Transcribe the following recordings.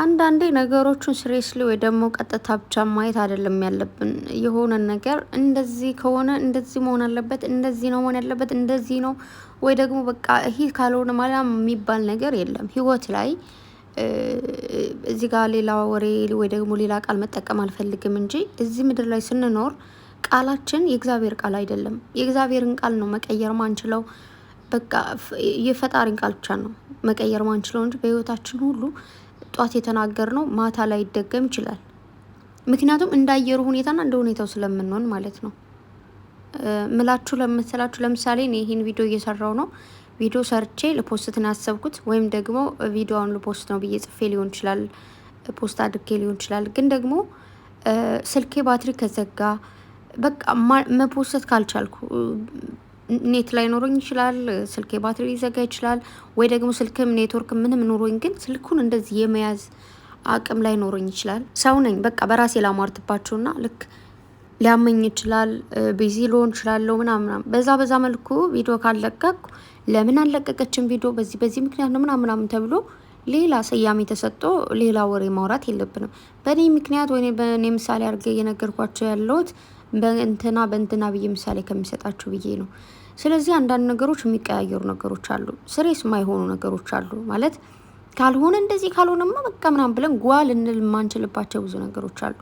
አንዳንዴ ነገሮቹን ስሬስሊ ወይ ደግሞ ቀጥታ ብቻ ማየት አይደለም ያለብን። የሆነ ነገር እንደዚህ ከሆነ እንደዚህ መሆን አለበት፣ እንደዚህ ነው መሆን ያለበት፣ እንደዚህ ነው ወይ ደግሞ በቃ ይህ ካልሆነ ማለት የሚባል ነገር የለም ህይወት ላይ። እዚህ ጋር ሌላ ወሬ ወይ ደግሞ ሌላ ቃል መጠቀም አልፈልግም እንጂ እዚህ ምድር ላይ ስንኖር ቃላችን የእግዚአብሔር ቃል አይደለም። የእግዚአብሔርን ቃል ነው መቀየር ማንችለው። በቃ የፈጣሪን ቃል ብቻ ነው መቀየር ማንችለው እንጂ በህይወታችን ሁሉ ጧት የተናገር ነው ማታ ላይ ይደገም ይችላል። ምክንያቱም እንደ አየሩ ሁኔታና እንደ ሁኔታው ስለምንሆን ማለት ነው። ምላችሁ ለምትላችሁ ለምሳሌ እኔ ይህን ቪዲዮ እየሰራው ነው ቪዲዮ ሰርቼ ልፖስት ነው ያሰብኩት፣ ወይም ደግሞ ቪዲዮውን ልፖስት ነው ብዬ ጽፌ ሊሆን ይችላል፣ ፖስት አድርጌ ሊሆን ይችላል። ግን ደግሞ ስልኬ ባትሪ ከዘጋ በቃ መፖሰት ካልቻልኩ ኔት ላይ ኖሮኝ ይችላል፣ ስልኬ ባትሪ ሊዘጋ ይችላል፣ ወይ ደግሞ ስልክም ኔትወርክ ምንም ኖሮኝ፣ ግን ስልኩን እንደዚህ የመያዝ አቅም ላይ ኖሮኝ ይችላል። ሰው ነኝ በቃ በራሴ ላሟርትባቸውና ልክ ሊያመኝ ይችላል፣ ቢዚ ልሆን እችላለሁ ምናምና በዛ በዛ መልኩ ቪዲዮ ካለቀኩ ለምን አለቀቀችን ቪዲዮ በዚህ በዚህ ምክንያት ነው ምናምናምን ተብሎ ሌላ ስያሜ ተሰጥቶ ሌላ ወሬ ማውራት የለብንም። በእኔ ምክንያት ወይ በእኔ ምሳሌ አድርገ እየነገርኳቸው ያለሁት በእንትና በእንትና ብዬ ምሳሌ ከሚሰጣችሁ ብዬ ነው። ስለዚህ አንዳንድ ነገሮች የሚቀያየሩ ነገሮች አሉ፣ ስሬስ የማይሆኑ ነገሮች አሉ። ማለት ካልሆነ እንደዚህ ካልሆነማ በቃ ምናምን ብለን ጓ ልንል የማንችልባቸው ብዙ ነገሮች አሉ።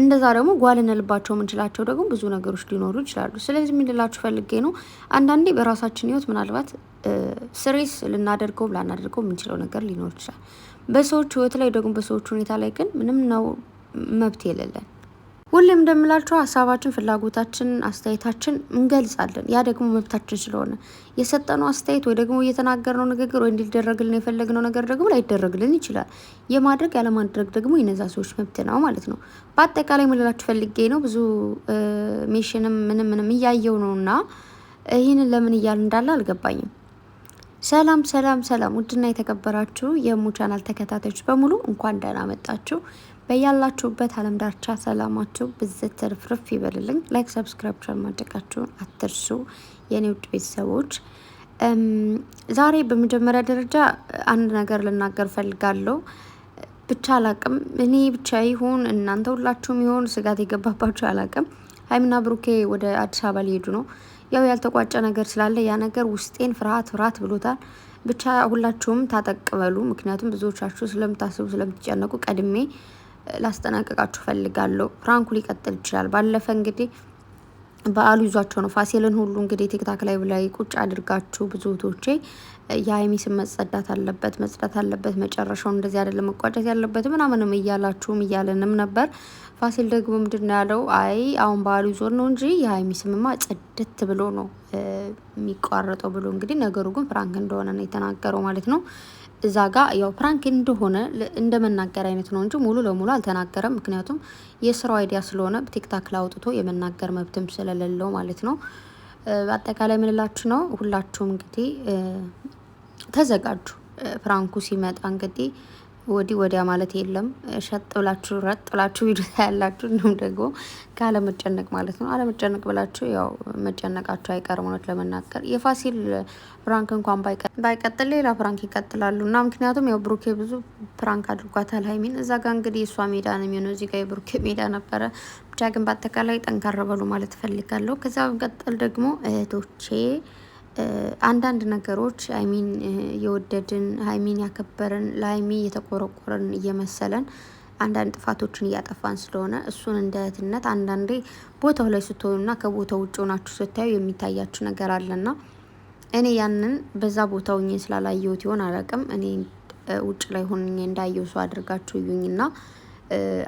እንደዛ ደግሞ ጓ ልንልባቸው የምንችላቸው ደግሞ ብዙ ነገሮች ሊኖሩ ይችላሉ። ስለዚህ የምንላችሁ ፈልጌ ነው። አንዳንዴ በራሳችን ህይወት ምናልባት ስሬስ ልናደርገው ላናደርገው የምንችለው ነገር ሊኖር ይችላል። በሰዎች ህይወት ላይ ደግሞ በሰዎች ሁኔታ ላይ ግን ምንም ነው መብት የሌለን ሁሌም እንደምላችሁ ሀሳባችን፣ ፍላጎታችን፣ አስተያየታችን እንገልጻለን። ያ ደግሞ መብታችን ስለሆነ የሰጠነው አስተያየት ወይ ደግሞ እየተናገርነው ንግግር ወይ እንዲደረግልን የፈለግነው ነገር ደግሞ ላይደረግልን ይችላል። የማድረግ ያለማድረግ ደግሞ የነዛ ሰዎች መብት ነው ማለት ነው። በአጠቃላይ ምልላችሁ ፈልጌ ነው። ብዙ ሜሽንም ምንም ምንም እያየው ነው እና ይህንን ለምን እያል እንዳለ አልገባኝም። ሰላም ሰላም ሰላም! ውድና የተከበራችሁ የሙ ቻናል ተከታታዮች በሙሉ እንኳን ደህና መጣችሁ። በያላችሁበት አለም ዳርቻ ሰላማችሁ ብዝት ትርፍርፍ ይበልልኝ። ላይክ ሰብስክራይብ ቻል ማድረጋችሁን አትርሱ የኔ ውድ ቤተሰቦች። ዛሬ በመጀመሪያ ደረጃ አንድ ነገር ልናገር ፈልጋለሁ። ብቻ አላቅም፣ እኔ ብቻ ይሁን እናንተ ሁላችሁም ይሁን ስጋት የገባባችሁ አላቅም። ሀይምና ብሩኬ ወደ አዲስ አበባ ሊሄዱ ነው። ያው ያልተቋጨ ነገር ስላለ ያ ነገር ውስጤን ፍርሃት ፍርሃት ብሎታል። ብቻ ሁላችሁም ታጠቅበሉ፣ ምክንያቱም ብዙዎቻችሁ ስለምታስቡ ስለምትጨነቁ ቀድሜ ላስጠናቀቃችሁ ፈልጋለሁ። ፍራንኩ ሊቀጥል ይችላል። ባለፈ እንግዲህ በዓሉ ይዟቸው ነው ፋሲልን ሁሉ እንግዲህ ቲክታክ ላይ ላይ ቁጭ አድርጋችሁ ብዙ እህቶቼ የሀይሚ ስም መጸዳት አለበት መጽዳት አለበት መጨረሻው እንደዚህ አይደለም መቋጨት ያለበት ምናምንም እያላችሁም እያለንም ነበር። ፋሲል ደግሞ ምንድን ነው ያለው? አይ አሁን በዓሉ ይዞን ነው እንጂ የሀይሚ ስምማ ጽድት ብሎ ነው የሚቋረጠው ብሎ እንግዲህ ነገሩ ግን ፍራንክ እንደሆነ ነው የተናገረው ማለት ነው። እዛ ጋ ያው ፕራንክ እንደሆነ እንደ መናገር አይነት ነው እንጂ ሙሉ ለሙሉ አልተናገረም። ምክንያቱም የስራው አይዲያ ስለሆነ ቲክታክ ላይ አውጥቶ የመናገር መብትም ስለሌለው ማለት ነው። አጠቃላይ ምንላችሁ ነው፣ ሁላችሁም እንግዲህ ተዘጋጁ። ፕራንኩ ሲመጣ እንግዲህ ወዲህ ወዲያ ማለት የለም። ሸጥ ብላችሁ ረጥ ብላችሁ ሂዱ ያላችሁ እንዲሁም ደግሞ ካለመጨነቅ ማለት ነው። አለመጨነቅ ብላችሁ ያው መጨነቃችሁ አይቀርም። እውነት ለመናገር የፋሲል ፕራንክ እንኳን ባይቀጥል ሌላ ፕራንክ ይቀጥላሉ እና ምክንያቱም ያው ብሩኬ ብዙ ፕራንክ አድርጓታል ሀይሚን። እዛ ጋር እንግዲህ የእሷ ሜዳ ነው የሚሆነው፣ እዚህ ጋር የብሩኬ ሜዳ ነበረ። ብቻ ግን በአጠቃላይ ጠንካራ በሉ ማለት እፈልጋለሁ። ከዚያ በመቀጠል ደግሞ እህቶቼ አንዳንድ ነገሮች ሀይሚን የወደድን ሀይሚን ያከበርን ለሀይሚ የተቆረቆረን እየመሰለን አንዳንድ ጥፋቶችን እያጠፋን ስለሆነ እሱን እንደ እህትነት አንዳንዴ ቦታው ላይ ስትሆኑና ከቦታው ውጭ ሆናችሁ ስታዩ የሚታያችሁ ነገር አለና እኔ ያንን በዛ ቦታ ስላላየሁት ይሆን አላውቅም። እኔ ውጭ ላይ ሆኜ እንዳየው ሰው አድርጋችሁ እዩኝና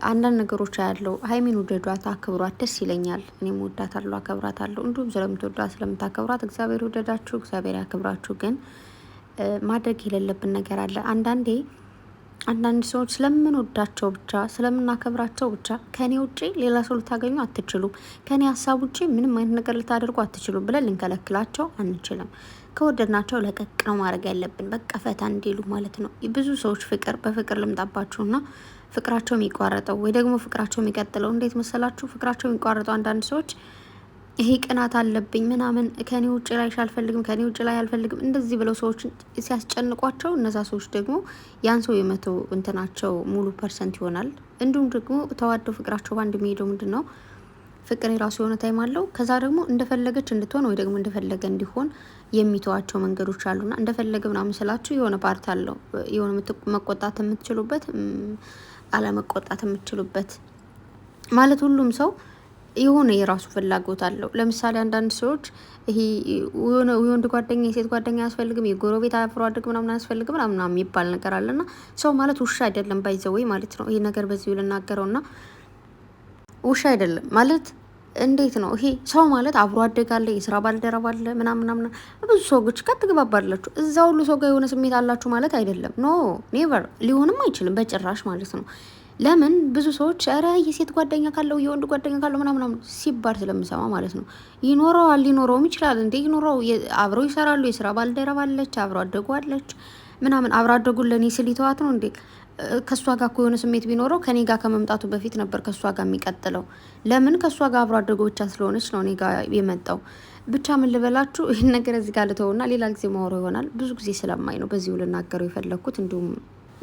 አንዳንድ ነገሮች ያለው ሀይሚን ውደዷት፣ አክብሯት። ደስ ይለኛል። እኔም ወዳታለሁ፣ አከብራታለሁ። እንዲሁም ስለምትወዷት ስለምታከብሯት እግዚአብሔር ውደዳችሁ፣ እግዚአብሔር ያክብራችሁ። ግን ማድረግ የሌለብን ነገር አለ። አንዳንዴ አንዳንድ ሰዎች ስለምንወዳቸው ብቻ ስለምናከብራቸው ብቻ ከኔ ውጪ ሌላ ሰው ልታገኙ አትችሉም፣ ከኔ ሀሳብ ውጪ ምንም አይነት ነገር ልታደርጉ አትችሉም ብለን ልንከለክላቸው አንችልም። ከወደድናቸው ለቀቅ ነው ማድረግ ያለብን፣ በቃ ፈታ እንዲሉ ማለት ነው። ብዙ ሰዎች ፍቅር በፍቅር ልምጣባችሁና ፍቅራቸው የሚቋረጠው ወይ ደግሞ ፍቅራቸው የሚቀጥለው እንዴት መሰላችሁ? ፍቅራቸው የሚቋረጠው አንዳንድ ሰዎች ይሄ ቅናት አለብኝ ምናምን ከኔ ውጭ ላይ አልፈልግም ከኔ ውጭ ላይ አልፈልግም እንደዚህ ብለው ሰዎች ሲያስጨንቋቸው እነዛ ሰዎች ደግሞ ያን ሰው የመቶ እንትናቸው ሙሉ ፐርሰንት ይሆናል። እንዲሁም ደግሞ ተዋደው ፍቅራቸው በአንድ የሚሄደው ምንድን ነው ፍቅር የራሱ የሆነ ታይም አለው። ከዛ ደግሞ እንደፈለገች እንድትሆን ወይ ደግሞ እንደፈለገ እንዲሆን የሚተዋቸው መንገዶች አሉና እንደፈለገ ምናምን ስላችሁ የሆነ ፓርት አለው የሆነ መቆጣት የምትችሉበት አለመቆጣት የምችሉበት ማለት ሁሉም ሰው የሆነ የራሱ ፍላጎት አለው። ለምሳሌ አንዳንድ ሰዎች ይሄ የወንድ ጓደኛ የሴት ጓደኛ አያስፈልግም፣ የጎረቤት አብሮ አድግ ምናምን አያስፈልግም ምናምን የሚባል ነገር አለና ሰው ማለት ውሻ አይደለም፣ ባይዘወይ ማለት ነው። ይሄ ነገር በዚሁ ልናገረውና ውሻ አይደለም ማለት እንዴት ነው ይሄ ሰው ማለት አብሮ አደጋለ የስራ ባልደረባ አለ፣ ምናምን ብዙ ሰዎች ጋር ትግባባላችሁ። እዛ ሁሉ ሰው ጋር የሆነ ስሜት አላችሁ ማለት አይደለም። ኖ ኔቨር፣ ሊሆንም አይችልም በጭራሽ ማለት ነው። ለምን ብዙ ሰዎች ረ የሴት ጓደኛ ካለው የወንድ ጓደኛ ካለው ምናምን ሲባል ስለምሰማ ማለት ነው። ይኖረዋል፣ ሊኖረውም ይችላል። እንዴ ይኖረው፣ አብረው ይሰራሉ፣ የስራ ባልደረባ አለች፣ አብሮ አደጉ አለች ምናምን አብሮ አደጉ ለእኔ ስል ይተዋት ነው እንዴ? ከእሷ ጋር እኮ የሆነ ስሜት ቢኖረው ከኔ ጋር ከመምጣቱ በፊት ነበር ከእሷ ጋር የሚቀጥለው። ለምን ከእሷ ጋር አብሮ አድርጎ ብቻ ስለሆነች ነው እኔ ጋር የመጣው። ብቻ ምን ልበላችሁ፣ ይህን ነገር እዚህ ጋር ልተውና ሌላ ጊዜ ማወራው ይሆናል። ብዙ ጊዜ ስለማይ ነው በዚሁ ልናገረው የፈለግኩት እንዲሁም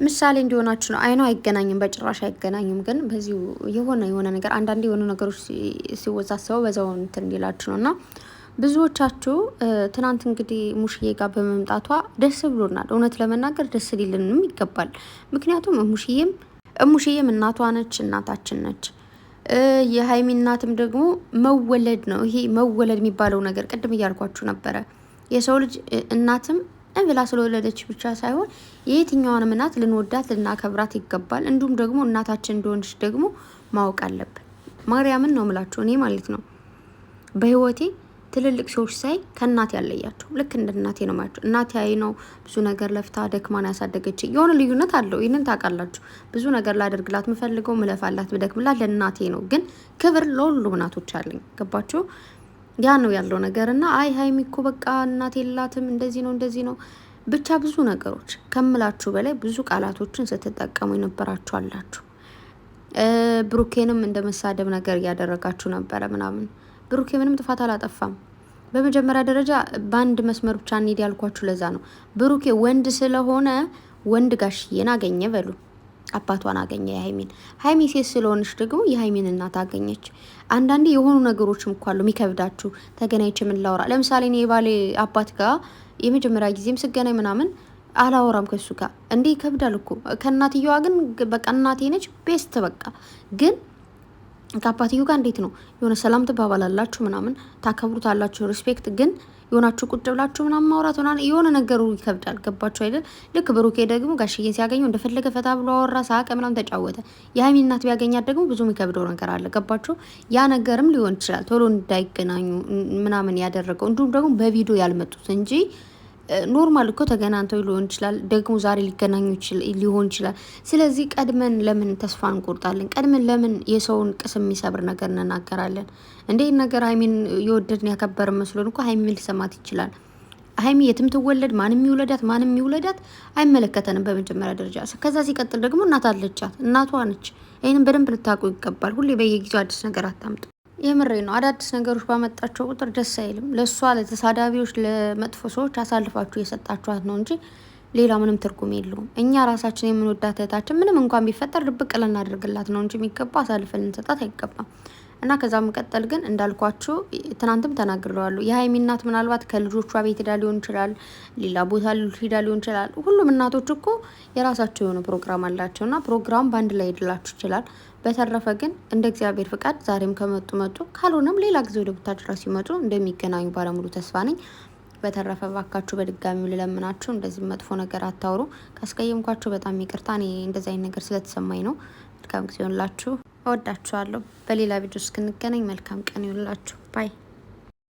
ምሳሌ እንዲሆናችሁ ነው። አይነው አይገናኝም፣ በጭራሽ አይገናኝም። ግን በዚሁ የሆነ የሆነ ነገር አንዳንዴ የሆኑ ነገሮች ሲወሳሰበው በዛው እንትን ሌላችሁ ነው እና ብዙዎቻችሁ ትናንት እንግዲህ ሙሽዬ ጋር በመምጣቷ ደስ ብሎናል። እውነት ለመናገር ደስ ሊልንም ይገባል። ምክንያቱም እሙሽዬም እሙሽዬም እናቷ ነች፣ እናታችን ነች። የሀይሚ እናትም ደግሞ መወለድ ነው። ይሄ መወለድ የሚባለው ነገር ቅድም እያልኳችሁ ነበረ። የሰው ልጅ እናትም እንብላ ስለወለደች ብቻ ሳይሆን የየትኛዋንም እናት ልንወዳት ልናከብራት ይገባል። እንዲሁም ደግሞ እናታችን እንደሆነች ደግሞ ማወቅ አለብን። ማርያምን ነው ምላችሁ እኔ ማለት ነው በህይወቴ ትልልቅ ሰዎች ሳይ ከእናቴ ያለያቸው ልክ እንደ እናቴ ነው ማያቸው። እናቴ አይ ነው ብዙ ነገር ለፍታ ደክማን ያሳደገች የሆነ ልዩነት አለው። ይህንን ታውቃላችሁ። ብዙ ነገር ላደርግላት ምፈልገው ምለፋላት ብደክምላት ለእናቴ ነው። ግን ክብር ለሁሉም እናቶች አለኝ። ገባችሁ? ያ ነው ያለው ነገር እና አይ ሀይሚ እኮ በቃ እናት የላትም እንደዚህ ነው እንደዚህ ነው ብቻ ብዙ ነገሮች ከምላችሁ በላይ ብዙ ቃላቶችን ስትጠቀሙ የነበራችሁ አላችሁ። ብሩኬንም እንደ መሳደብ ነገር እያደረጋችሁ ነበረ ምናምን ብሩኬ ምንም ጥፋት አላጠፋም። በመጀመሪያ ደረጃ በአንድ መስመር ብቻ እንሂድ ያልኳችሁ ለዛ ነው። ብሩኬ ወንድ ስለሆነ ወንድ ጋሽዬን አገኘ በሉ አባቷን አገኘ የሀይሚን። ሀይሚ ሴት ስለሆነች ደግሞ የሀይሚን እናት አገኘች። አንዳንዴ የሆኑ ነገሮችም እኮ አሉ የሚከብዳችሁ ተገናኝቼ ምን ላውራ። ለምሳሌ እኔ የባሌ አባት ጋር የመጀመሪያ ጊዜም ስገናኝ ምናምን አላወራም ከሱ ጋር እንዴ፣ ይከብዳል እኮ ከእናትየዋ ግን በቃ እናቴ ነች ቤስት በቃ ግን ከአባትዮ ጋር እንዴት ነው የሆነ ሰላም ትባባላላችሁ ምናምን ታከብሩታላችሁ፣ ሪስፔክት ግን የሆናችሁ ቁጭ ብላችሁ ምናምን ማውራት ሆና የሆነ ነገሩ ይከብዳል። ገባችሁ አይደል? ልክ ብሩኬ ደግሞ ጋሽዬ ሲያገኘው እንደፈለገ ፈታ ብሎ አወራ፣ ሳቀ፣ ምናምን ተጫወተ። የሀይሚ እናት ቢያገኛት ደግሞ ብዙ የሚከብደው ነገር አለ። ገባችሁ? ያ ነገርም ሊሆን ይችላል ቶሎ እንዳይገናኙ ምናምን ያደረገው እንዲሁም ደግሞ በቪዲዮ ያልመጡት እንጂ ኖርማል እኮ ተገናኝተው ሊሆን ይችላል፣ ደግሞ ዛሬ ሊገናኙ ሊሆን ይችላል። ስለዚህ ቀድመን ለምን ተስፋ እንቆርጣለን? ቀድመን ለምን የሰውን ቅስም የሚሰብር ነገር እንናገራለን? እንደ ነገር ሀይሚን የወደድን ያከበር መስሎን እኮ ሀይሚ ሊሰማት ይችላል። ሀይሚ የትም ትወለድ፣ ማንም ይውለዳት፣ ማንም ይውለዳት፣ አይመለከተንም በመጀመሪያ ደረጃ። ከዛ ሲቀጥል ደግሞ እናት አለቻት፣ እናቷ ነች። ይህንም በደንብ ልታውቁ ይገባል። ሁሌ በየጊዜው አዲስ ነገር አታምጡ። የምሬ ነው። አዳዲስ ነገሮች ባመጣቸው ቁጥር ደስ አይልም። ለእሷ ለተሳዳቢዎች፣ ለመጥፎ ሰዎች አሳልፋችሁ የሰጣችኋት ነው እንጂ ሌላ ምንም ትርጉም የለውም። እኛ ራሳችን የምንወዳት እህታችን ምንም እንኳን ቢፈጠር ድብቅ ልናደርግላት ነው እንጂ የሚገባ አሳልፈን ልንሰጣት አይገባም። እና ከዛ መቀጠል ግን እንዳልኳችሁ ትናንትም ተናግረዋሉ። የሀይሚ እናት ምናልባት ከልጆቿ ቤት ሄዳ ሊሆን ይችላል፣ ሌላ ቦታ ሄዳ ሊሆን ይችላል። ሁሉም እናቶች እኮ የራሳቸው የሆነ ፕሮግራም አላቸው እና ፕሮግራም በአንድ ላይ ሄድላችሁ ይችላል በተረፈ ግን እንደ እግዚአብሔር ፍቃድ ዛሬም ከመጡ መጡ፣ ካልሆነም ሌላ ጊዜ ወደ ቡታጅራ ሲመጡ እንደሚገናኙ ባለሙሉ ተስፋ ነኝ። በተረፈ ባካችሁ በድጋሚው ልለምናችሁ እንደዚህ መጥፎ ነገር አታውሩ። ካስቀየምኳችሁ በጣም ይቅርታ። እኔ እንደዚህ አይነት ነገር ስለተሰማኝ ነው። መልካም ጊዜ ይሆንላችሁ። እወዳችኋለሁ። በሌላ ቪዲዮ እስክንገናኝ መልካም ቀን ይሁንላችሁ። ባይ